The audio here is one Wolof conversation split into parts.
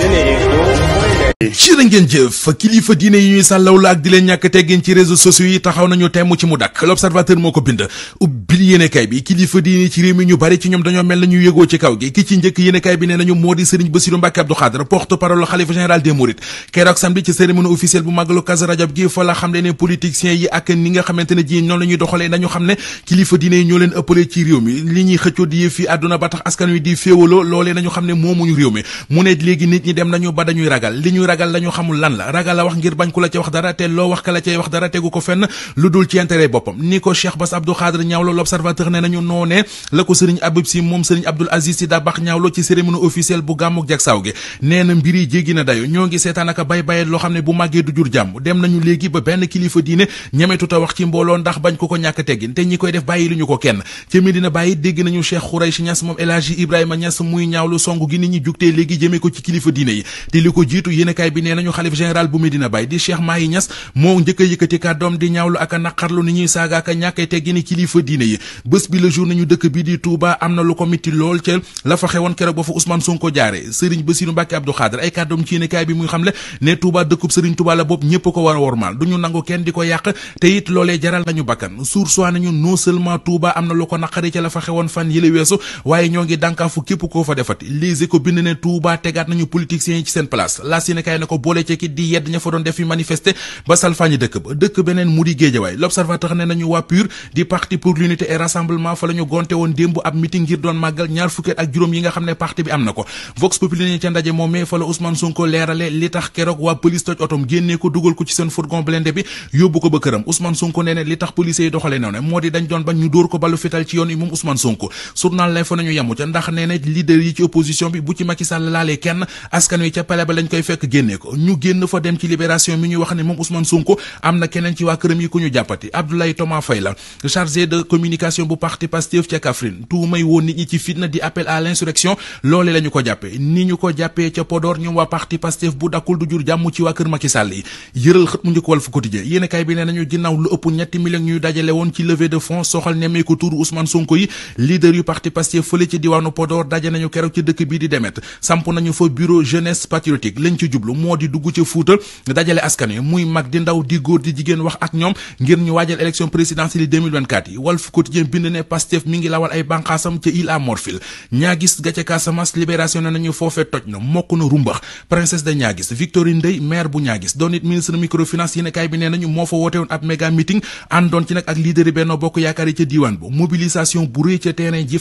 Sénégal. cirë ngeen jëf kilifa diine yi ñuy sàllaw ak di leen ñàkk teggin ci réseaux sociaux yi taxaw nañu temm ci mu dakk l'observateur moo ko bind ubbil yéenekaay bi kilifa diine ci réew mi ñu bari ci ñoom dañoo mel na ñu ci kaw gi ki ci njëkk yéenekaay bi nee nañu moo di Serigne Bassirou Mbacké Abdou Khadre porte-parole xalifa général des mourides keroog samedi ci cérémonie officielle bu màggalu Kazu Rajab gi fa xam le ne politiciens yi ak ni nga xamante ne ji noonu ñuy ragal la ñu xamul lan la ragal la wax ngir bañ ku la ca wax dara te loo wax ka la cay wax dara tegu ko fenn lu dul ci intérêt boppam ni ko Cheikh Bass Abdou Khadre ñaawlo l'observateur ne nañu noonee la ko sëriñ Abib Si moom sëriñ Abdoul Aziz Si Dabax ñaawlo ci cérémonie officielle bu gàmmuk Jagsaaw gi nee na mbir yi jéggi na dayo ñoo ngi seetaan aka bay bayet loo léegi ba benn kilifa diine ñemetut a wax ci mbooloo ndax bañ ko ko ñàkk teggin te ñi koy def bàyyi lu ñu ko kenn ca Medina Baye dégg nañu Cheikh Khouraychi Niass moom El Hadji Ibrahima Niass muy ñaawlu song gi nit ñi jugtee léegi jëmee ko ci kilifa diine yi te li yéenekaay bi nee nañu xalif général bu Medina Baye di Cheikh Mahi Niass moo njëkk a yëkkati kàddoom di ñaawlu ak a naqarlu ni ñuy saaga ak a ñàkkee teggini kilifa diine yi bés bi le jour nañu dëkk bi di Touba am na lu ko mitti lool ca la fa xewoon keroog ba fa Ousmane Sonko jaare Serigne Bassirou Mbacké Abdou Khadre ay kàddoom ci yéenekaay bi muy xamle ne Touba dëkkub Serigne Touba la bopp ñépp ko war a wormaal duñu nangu kenn di ko yàq te it loolee jaral koo fa defati Les yéene kaay na fa la ñu gonte leerale li tax keroog waa police toj otom génnee ko dugal ko ci seen fourgon blindé bi yóbbu ko ba këram Ousmane Sonko nee li tax police yi doxale noonu moo di dañ doon bañ ñu dóor ko ballu fital ci yoon yi moom Ousmane Sonko journal lay fa nañu yamu ca ndax nee na yi ci opposition bi bu ci Macky laalee kenn askan wi ca palais ba lañ koy fekk fekk ko ñu génn fa dem ci libération mi ñuy wax ne moom Ousmane Sonko am na keneen ci waa këram yi ku ñu jàppati Abdoulaye Thomas Faye la chargé de communication bu parti Pastef ca Kaffrine tuumay woon nit ñi ci fitna di appel à l'insurrection loole la ko jàppee ni ñu ko jàppee ca Podor ñoom waa parti Pastef bu dakkul du jur jàmm ci waa kër Macky yi yëral xët mu njëkk Walf Quotidien yéen kay bi ne nañu ginnaaw lu ëpp ñetti millions ñuy dajale ci jublu moo di dugg ca Fuuta dajale askan wi muy mag di ndaw di góor di jigéen wax ak ñoom ngir ñu waajal élection présidentielle yi 2024 yi Walf Quotidien bind ne Pastef mi lawal ay banqaasam ca Île à Morphil ñaagis ga ca Casamance libération ne nañu foofee toj na mokk na rumbax princesse de ñaagis Victorine Ndeye maire bu ñaagis doon ministre microfinance yéene bi nee nañu moo fa woote woon ab meeting àndoon ci nag ak leader yi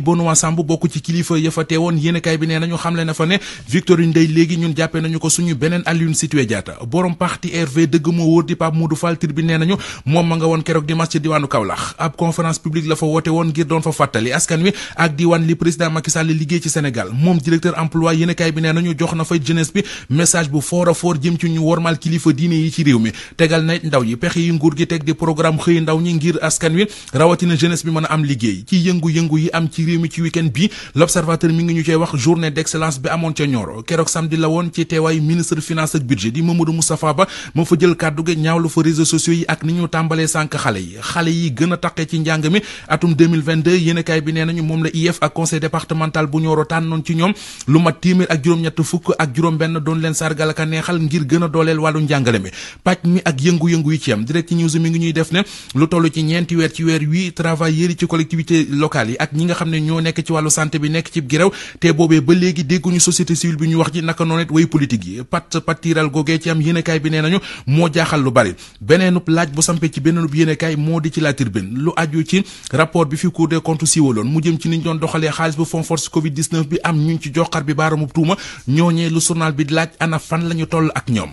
Bokk Samb bokk ci kilifa ya fa teewoon bi nee nañu xamle na fa ne Victorine Ndeye léegi ñun jàppee nañu ko suñu beneen Alioune Situé Diatta borom parti RV dëgg moo wóor di Pape Modou Fall Tribune nee nañu moom ma nga woon keroog dimanche ci diwaanu Kaolack ab conférence publique la fa woote woon ngir doon fa fàttali askan wi ak diwaan li président Macky Sall liggéey ci Sénégal moom directeur emploi yéenekaay bi nee nañu jox na fa jeunesse bi message bu fort ñu wormal kilifa diine yi ci réew na ndaw yi pexe yi nguur gi teg di programme xëy ndaw ñi ngir askan wi rawatina jeunesse bi mën a am liggéey week-end bi l'observateur mi ngi ñu cey wax journée d'excellence bi amoon ca Nioro keroog samedi la woon ci teewaayu ministre finance ak budget di Mamadou Moustapha Ba moo fa jël kàddu gi ñaawlu fa réseaux sociaux yi ak ni ñu tàmbalee sànq xale yi xale yi gën a ci njàng mi atum 2022 bi nee nañu moom la IEF ak conseil départemental bu Nioro tànnoon ci ñoom lu mat téeméer ak juróom-ñett fukk ak juróom-benn doon leen sargal ak neexal ngir gën a ci wàllu santé bi nekk ci giréw te boobee ba léegi dégguñu société civile bi ñu wax ji naka noonu it way politique yi pat patiral googee ci am yéenekaay bi nee nañu moo jaaxal lu bari beneenub laaj bu sampe ci beneenub yéenekaay moo di ci la Tribune lu aju ci rapport bi fi Cour des comptes siiwaloon mu jëm ci niñ doon doxalee xaalis bu fond force covid 19 bi am ñu ci joxar bi baaraamub tuuma ñooñee lu sonal bi laaj ana fan lañu toll ak ñoom